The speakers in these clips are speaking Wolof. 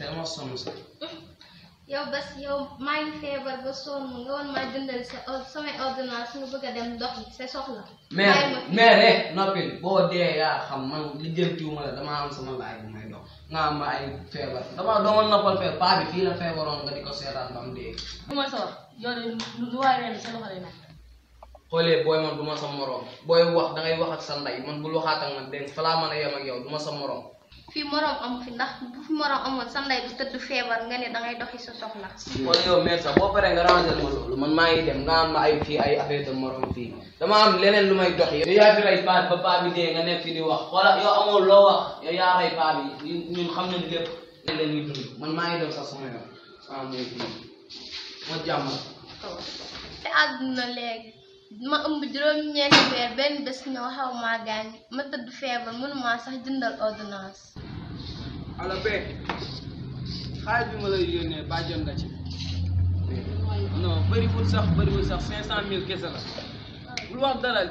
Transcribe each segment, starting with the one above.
dama sonn sax. yow bas yow maa ngi feebar ba sonn nga woon maa jëndal sa sama ordonnance nga bëgg dem dox sa soxla. mais mais rek eh, noppi boo dee yaa xam man li jëntiwuma la damaa am sama laaj bu may dox nga am ma ay feebar dama doo ma noppal paa bi fii la feebaroon nga di ko seetaan ba mu dee. du ma sa wax wax da wax ak sa ndey man bul waxaat ak man dégg nga fa a yem ak yow du ma sa morom. fii moroom amu fi ndax bu fi moroom amoon sa ndey bu tëdd feebar nga ne dangay doxi sa soxla. wala yow mère sax boo paree nga ranger ma loolu man maa ngi dem nga am ma ay fii ay affaire moroom fii dama am leneen lu may doxi yow yaa fi rey paa ba paa di wax xoola yow amoo loo wax yow yaa rey paa maa ngi dem sax sama ma jàmm ma ëmb juróom-ñeenti weer benn bés ñoo xaw maa gaañ ma tëdd feebar mënuma sax jëndal ordonnance. ala bee xaalis bi ma lay yónnee bàjjoon nga ci. no bëriwul sax bëriwul sax cinq cent mille kese la. bul wax dara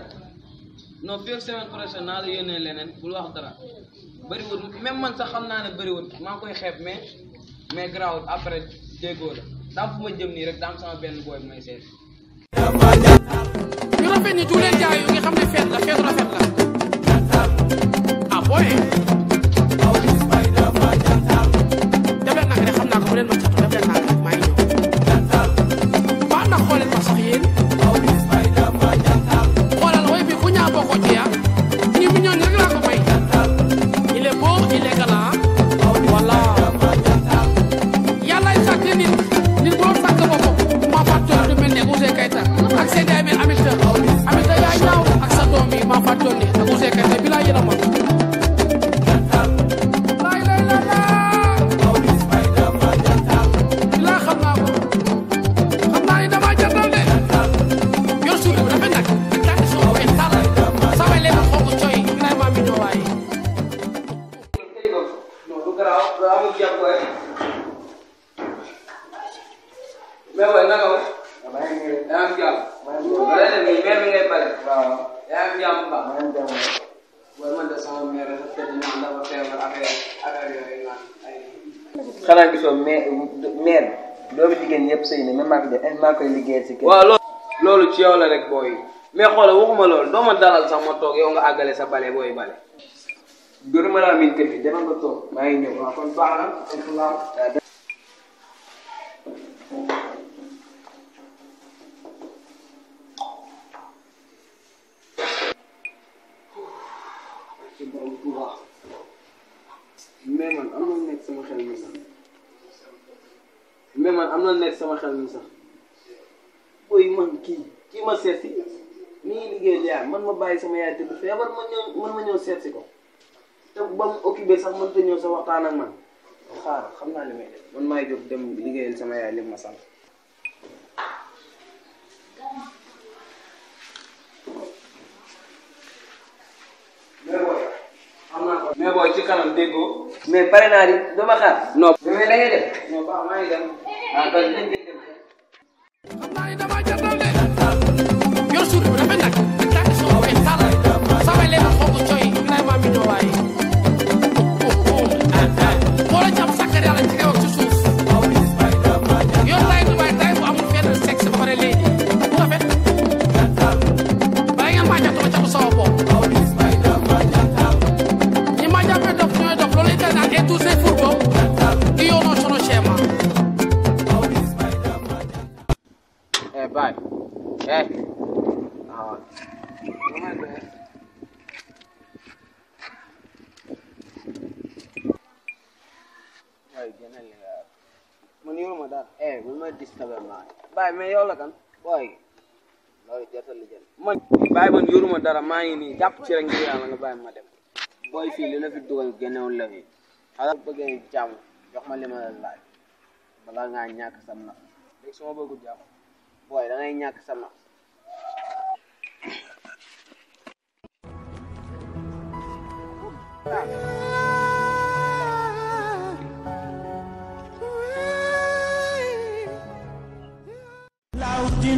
non fii ak semaine prochaine naa la yónnee leneen bul wax dara bëriwul même man sax xam naa ne bëriwul maa koy xeeb mais mais garaawul après déggoo la daam ma jëm nii rek daam sama benn booy may seet. ñu rafet ni du leen jaay xam ne feet la feetu rafet la koy mais koy naka koy. yaa ngi jàmm. ba léegi nii de sama mère dafa tëdd loolu ci yow la rek booy mais xoolal waxuma loolu doo ma dalal sax ma toog sa bale booy bale. duru ma laa miin tëdd demal nga toog maa ngi ñëw waaw kon baax na incha allah mais man am na nekk sama xel mi sax booy man kii kii ma seet si liggéey li man ma bàyyi sama yaay tëdd feebar man man ma ñëw seet ko te ba mu occupé sax mënta ñëw sa waxtaan ak man xaaral xam naa li may def man maay jóg dem liggéeyal sama yaay li ma sant. mais booy ci kanam déggoo. mais pare naa di dama xaar. non. mais da ngay def. non baax maa ngi dem. ah bàyyi génneel li nga yor man yoruma dara eh maa man yoruma dara maa ngi nii jàpp ci rek ngir yàlla ma dem booy fii li la fi dugal génnewul la fi xalaat bëggee jox ma li ma la laaj balaa ngaa ñàkk sam na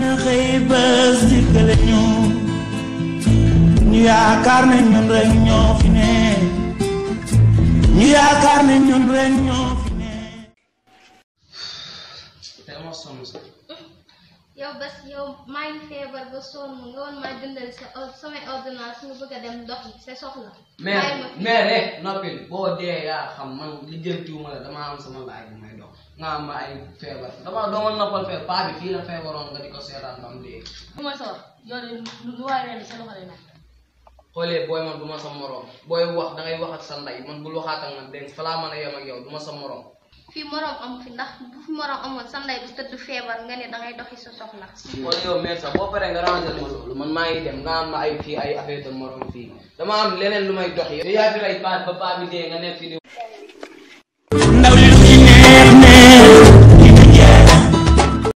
ñu xëy bés dikkale ñu ñu yaakaar ne ñun rek ñoo yow bés yow maa ngi feebar ba sonn nga woon maa dindal sa samay ordonnance nga bëgg dem dox yi sa soxla. mais mais rek noppil boo dee yaa xam man li jël tuuma la damaa am sama laaj bu may nga am ay feebar dama doo ma noppal feebar paa fii la feebaroon nga di ko seetaan ba mu dee. bu sa wax da ngay a yem ak yow sax boo paree nga ranger ma loolu man maa ngi dem nga am ma ay fii ay affaire de fii dama am leneen lu may doxi yow yaa fi rey paa ba paa bi nga nekk fi di.